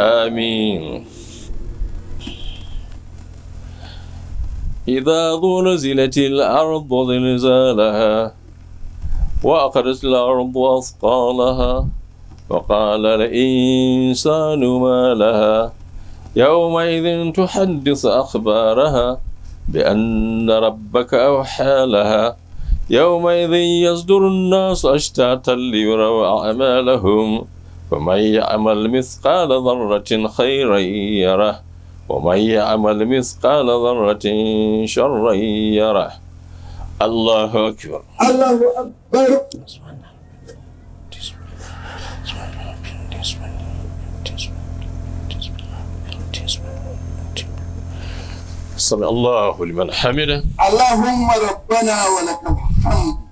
آمين إذا زلزلت الأرض زلزالها وأخرجت الأرض أثقالها وقال الإنسان ما لها يومئذ تحدث أخبارها بأن ربك أوحى لها يومئذ يصدر الناس أشتاتا ليروا أعمالهم فمن يعمل مثقال ذرة خيرا يره ومن يعمل مثقال ذرة شرا يره الله أكبر الله أكبر سمع الله لمن حمده اللهم ربنا ولك الحمد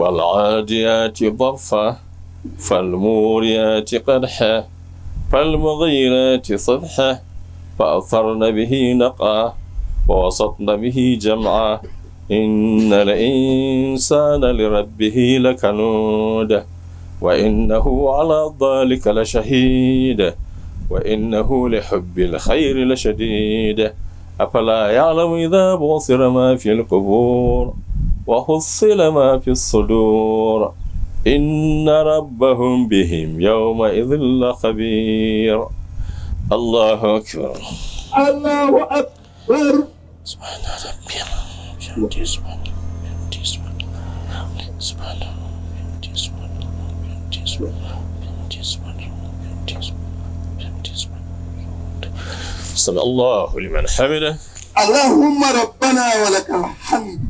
والعاديات ضرفا فالموريات قدحا فالمغيرات صبحا فأثرن به نقا ووسطن به جمعا إن الإنسان لربه لكنود وإنه على ذلك لشهيد وإنه لحب الخير لشديد أفلا يعلم إذا بوصر ما في القبور وحصل ما في الصدور إن ربهم بهم يومئذ لخبير الله أكبر الله أكبر سبحان ربي بحمده سبحان سمع الله لمن حمده اللهم ربنا ولك الحمد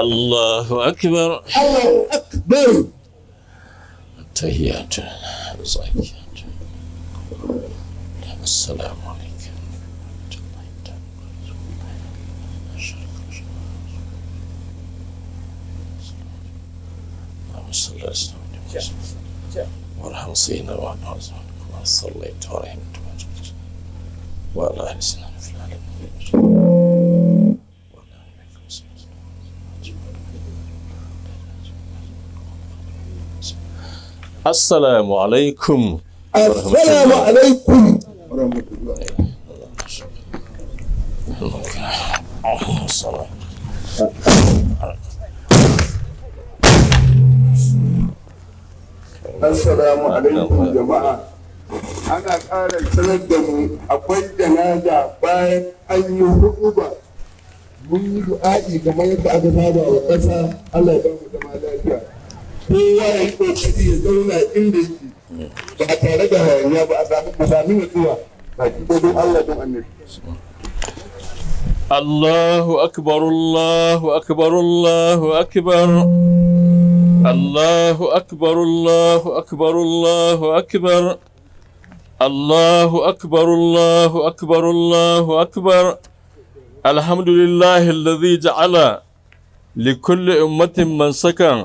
الله أكبر الله أكبر تحيات السلام عليكم اللهم صل وسلم وارحم سيدنا وارحم كما صليت ورحمت وعلى اهل في السلام عليكم السلام عليكم ورحمة الله السلام عليكم جماعة أنا قال سند أقول جنازة باين أن يهرب من يدعي كما يدعي هذا وقفا الله يبارك ما الله أكبر الله أكبر الله أكبر الله أكبر الله أكبر الله أكبر الله أكبر الله أكبر الله أكبر الحمد لله الذي جعل لكل أمة من سكن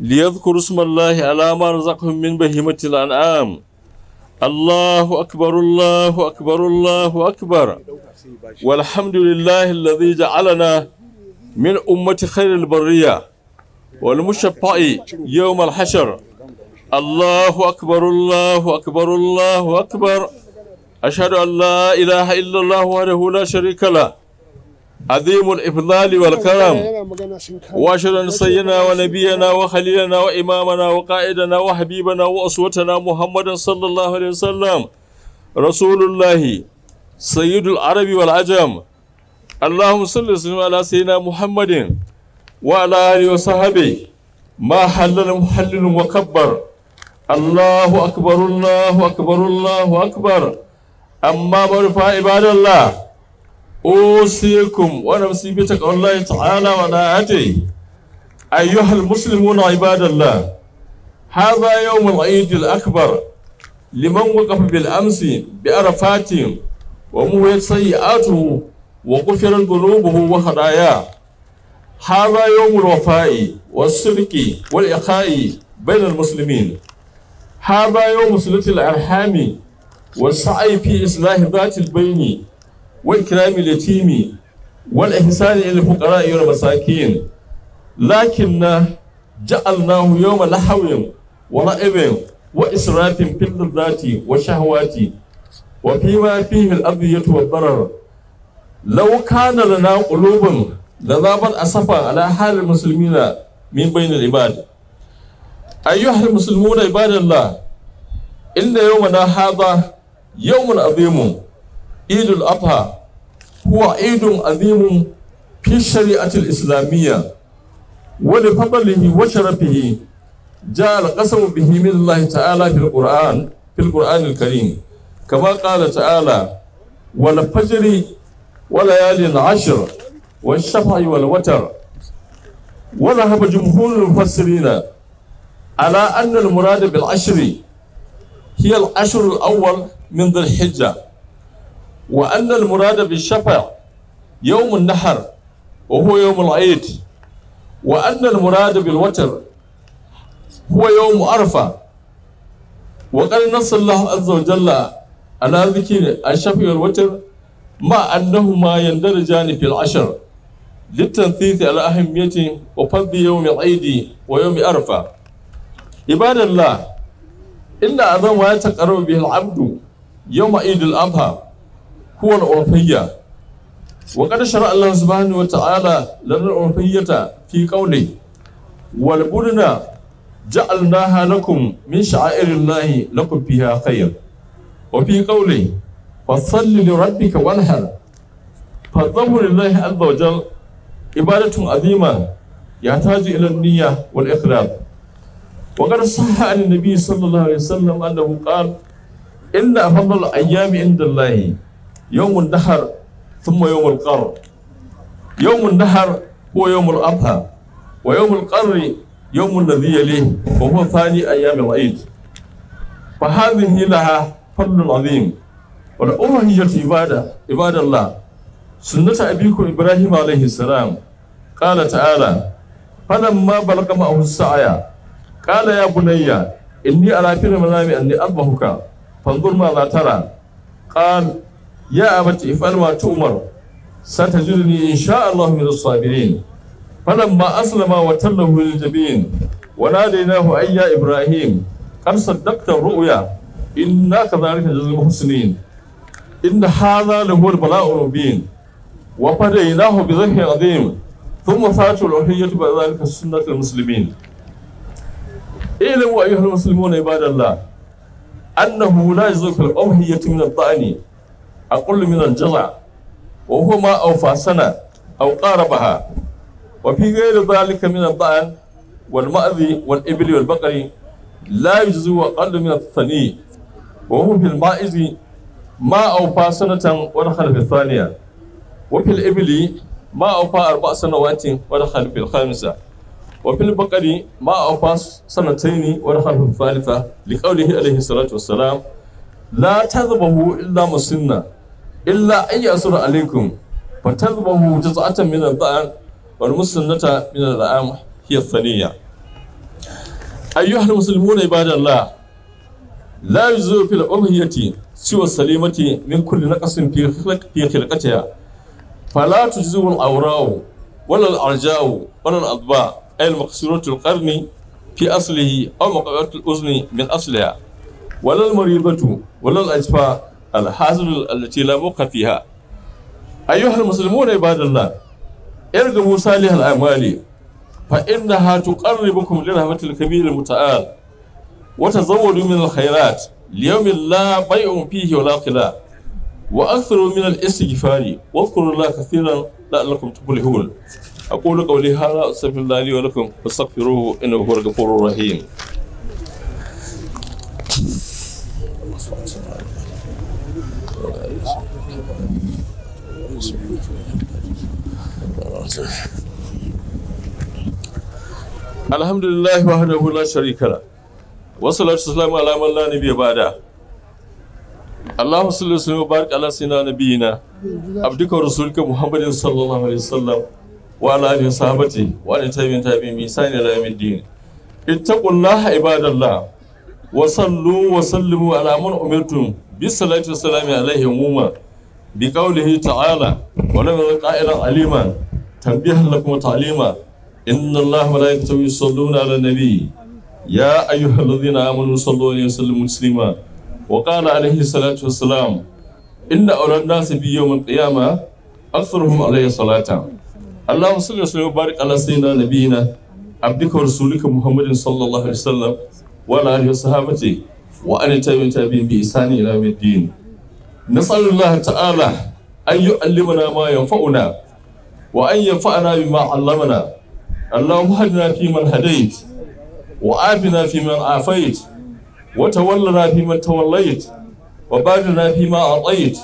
ليذكر اسم الله على ما رزقهم من بهيمة الأنعام الله أكبر الله أكبر الله أكبر والحمد لله الذي جعلنا من أمة خير البرية والمشفع يوم الحشر الله أكبر الله أكبر الله أكبر أشهد أن لا إله إلا الله وحده لا شريك له عظيم الإفضال والكرم وأشهد سيدنا ونبينا وخليلنا وإمامنا وقائدنا وحبيبنا وأسوتنا محمدا صلى الله عليه وسلم رسول الله سيد العرب والعجم اللهم صل وسلم على سيدنا محمد وعلى آله وصحبه ما حلل محلل وكبر الله أكبر الله أكبر الله أكبر أما مرفع عباد الله أوصيكم وأنا بتك الله تعالى أتي أيها المسلمون عباد الله هذا يوم العيد الأكبر لمن وقف بالأمس بأرفات ومويت سيئاته وغفر ذنوبه وخطاياه هذا يوم الوفاء والسرك والإخاء بين المسلمين هذا يوم صلة الأرحام والسعي في إصلاح ذات البين wa ikrami litimi wal ihsani lil fuqara wal masakin lakinna ja'alnahu yawma lahawin wa ra'ibin wa israfin fil ladzati wa shahawati wa fima fihi al adiyatu wad darar law kana lana qulubun lazabat asafa ala halil muslimina min bainal ibad ayyuhal muslimuna ibadallah inna yawmana hadha yawmun adhimun عيد الأضحى هو عيد عظيم في الشريعة الإسلامية ولفضله وشرفه جاء القسم به من الله تعالى في القرآن في القرآن الكريم كما قال تعالى والفجر وليالي العشر والشفع والوتر وذهب جمهور المفسرين على أن المراد بالعشر هي العشر الأول من ذي الحجة وأن المراد بالشفع يوم النحر وهو يوم العيد وأن المراد بالوتر هو يوم عرفة وقد نص الله عز وجل على ذكر الشفع والوتر مع أنهما يندرجان في العشر للتنثيث على أهمية وفضل يوم العيد ويوم عرفة عباد الله إن أعظم ما يتقرب به العبد يوم عيد الأضحى huwa al-urfiyya wa qad shara'a Allah subhanahu wa ta'ala lana al-urfiyyata fi qawli wal budna ja'alnaha lakum min sha'airillahi lakum fiha khair wa fi qawli fasalli li rabbika wanhar fadhabu lillahi azza wa jal ibadatun azima يحتاج إلى النية والإخلاص وقد صح عن النبي صلى الله عليه وسلم أنه قال إن أفضل الأيام عند الله يوم النحر ثم يوم القر يوم النحر هو يوم الأضحى ويوم القر يوم الذي يليه وهو ثاني أيام العيد فهذه لها فضل عظيم والأمة هي عبادة عباد الله سنة أبيكم إبراهيم عليه السلام قال تعالى فلما بلغ معه السعي قال يا بني إني أرى في المنام أني أذبحك فانظر ماذا ترى قال ya abati if'al ma ni satajiduni insha Allah min as-sabirin falamma aslama wa tallahu lil jabin wa nadaynahu ayya ibrahim qad saddaqta ru'ya inna kadhalika najzil muhsinin inna hadha lahu al-bala'u mubin wa fadaynahu bi dhikrin adhim thumma fatu al المسلمون عباد الله انه لا يزول في الاضحيه من الطعن أقل من الجزع وهو ما أوفى سنة أو قاربها وفي غير ذلك من الضأن والمأذي والإبل والبقر لا يجزو أقل من الثني وهو في المائز ما أوفى سنة ودخل في الثانية وفي الإبل ما أوفى أربع سنوات ودخل في الخامسة وفي البقر ما أوفى سنتين ودخل في الثالثة لقوله عليه الصلاة والسلام لا تذبه إلا مسنة illa ayyasura alaikum fatazbahu jaz'atan min al-dhan wal muslimata min al-am hiya thaniya ayyuha al-muslimuna ibadallah la yuzu fil udhiyati siwa salimati min kulli naqsin fi fi khilqatiha fala tujzu al-awra'u wala al-arja'u wala al-adba ay al-maqsuratu al-qarni في أصله أو مقابلة الأذن من أصلها ولا المريضة ولا alhazul allati la buqa fiha ayyuhal muslimuna ibadallah irgumu salihal amali fa innaha tuqarribukum li rahmatil kabir muta'al wa tazawwadu min al khairat liyawmin la bay'un fihi wa la khilal wa aktharu min al istighfari wa dhkurullaha kathiran la'allakum tuflihun aqulu qawli hadha astaghfirullahi wa lakum fastaghfiruhu innahu huwal ghafurur rahim alhamdulillah wa hadahu la sharika la wa salatu salamu ala man la nabiyya ba'da Allahumma salli wa sallim wa barik ala sayyidina nabiyyina abdika wa rasulika Muhammadin sallallahu alaihi wasallam wa ala alihi sahabati wa ala tabi'in tabi'in bi ihsan ila yawmid din ittaqullaha ibadallah wa sallu wa sallimu ala man umirtum bis salati wa salami alaihi wa بقوله تعالى ولو قائلا عليما تنبيها لكم تعليما إن الله وملائكته يصلون على النبي يا أيها الذين آمنوا صلوا عليه وسلموا تسليما وقال عليه الصلاة والسلام إن أولى الناس في يوم القيامة أكثرهم عليه الصلاه اللهم صل وسلم وبارك على سيدنا نبينا عبدك ورسولك محمد صلى الله عليه وسلم وعلى آله وصحابته وأن تابعين بإحسان إلى يوم الدين نسأل الله تعالى أن يعلمنا ما ينفعنا وأن ينفعنا بما علمنا اللهم هدنا فيمن هديت وآتنا فيمن عافيت وتولنا فيمن توليت وبارنا فيما أعطيت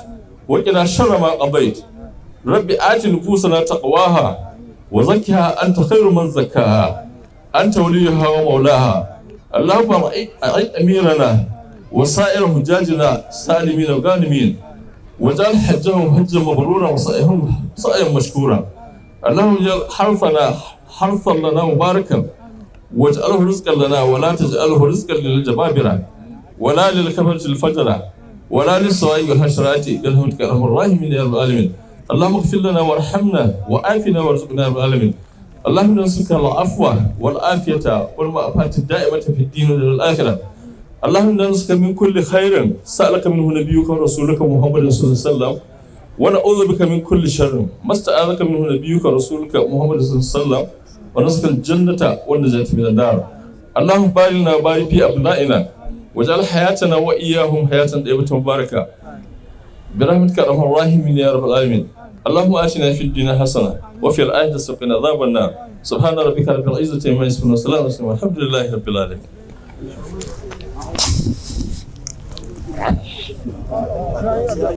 وقنا شر ما قضيت رب آت نفوسنا تقواها وزكها أنت خير من زكاها أنت وليها ومولاها اللهم أعط أميرنا وسائر حجاجنا سالمين وغانمين وجعل حجهم حجا مبرورا وسائهم سائر مشكورا اللهم اجعل حرفنا حرفا لنا مباركا واجعله رزقا لنا ولا تجعله رزقا للجبابرة ولا للكفرة الفجرة ولا للسوائب والحشرات برحمتك كرم الراحمين يا رب العالمين اللهم اغفر لنا وارحمنا وعافنا وارزقنا يا رب العالمين اللهم نسألك العفو والعافية والمعافاة الدائمة في الدين والآخرة Allahun nan suka min kulle khairin sa alaka min hunabi yuka rasulaka Muhammadin sallallahu alaihi wasallam wa na'udhu bika min kulli sharrin masta alaka min hunabi yuka rasulaka Muhammadin sallallahu alaihi wasallam wa nasakal jannata wan najati min nar Allahun balina bari fi abna'ina waj'al hayatana wa iyyahum hayatan dayyibatan mubaraka bi rahmatika arhamar rahimin ya rabbal alamin اللهم آتنا في الدنيا حسنة وفي الآية سقنا عذاب النار سبحان ربك رب العزة عما يصفون وسلام على الحمد لله رب العالمين ちょっと。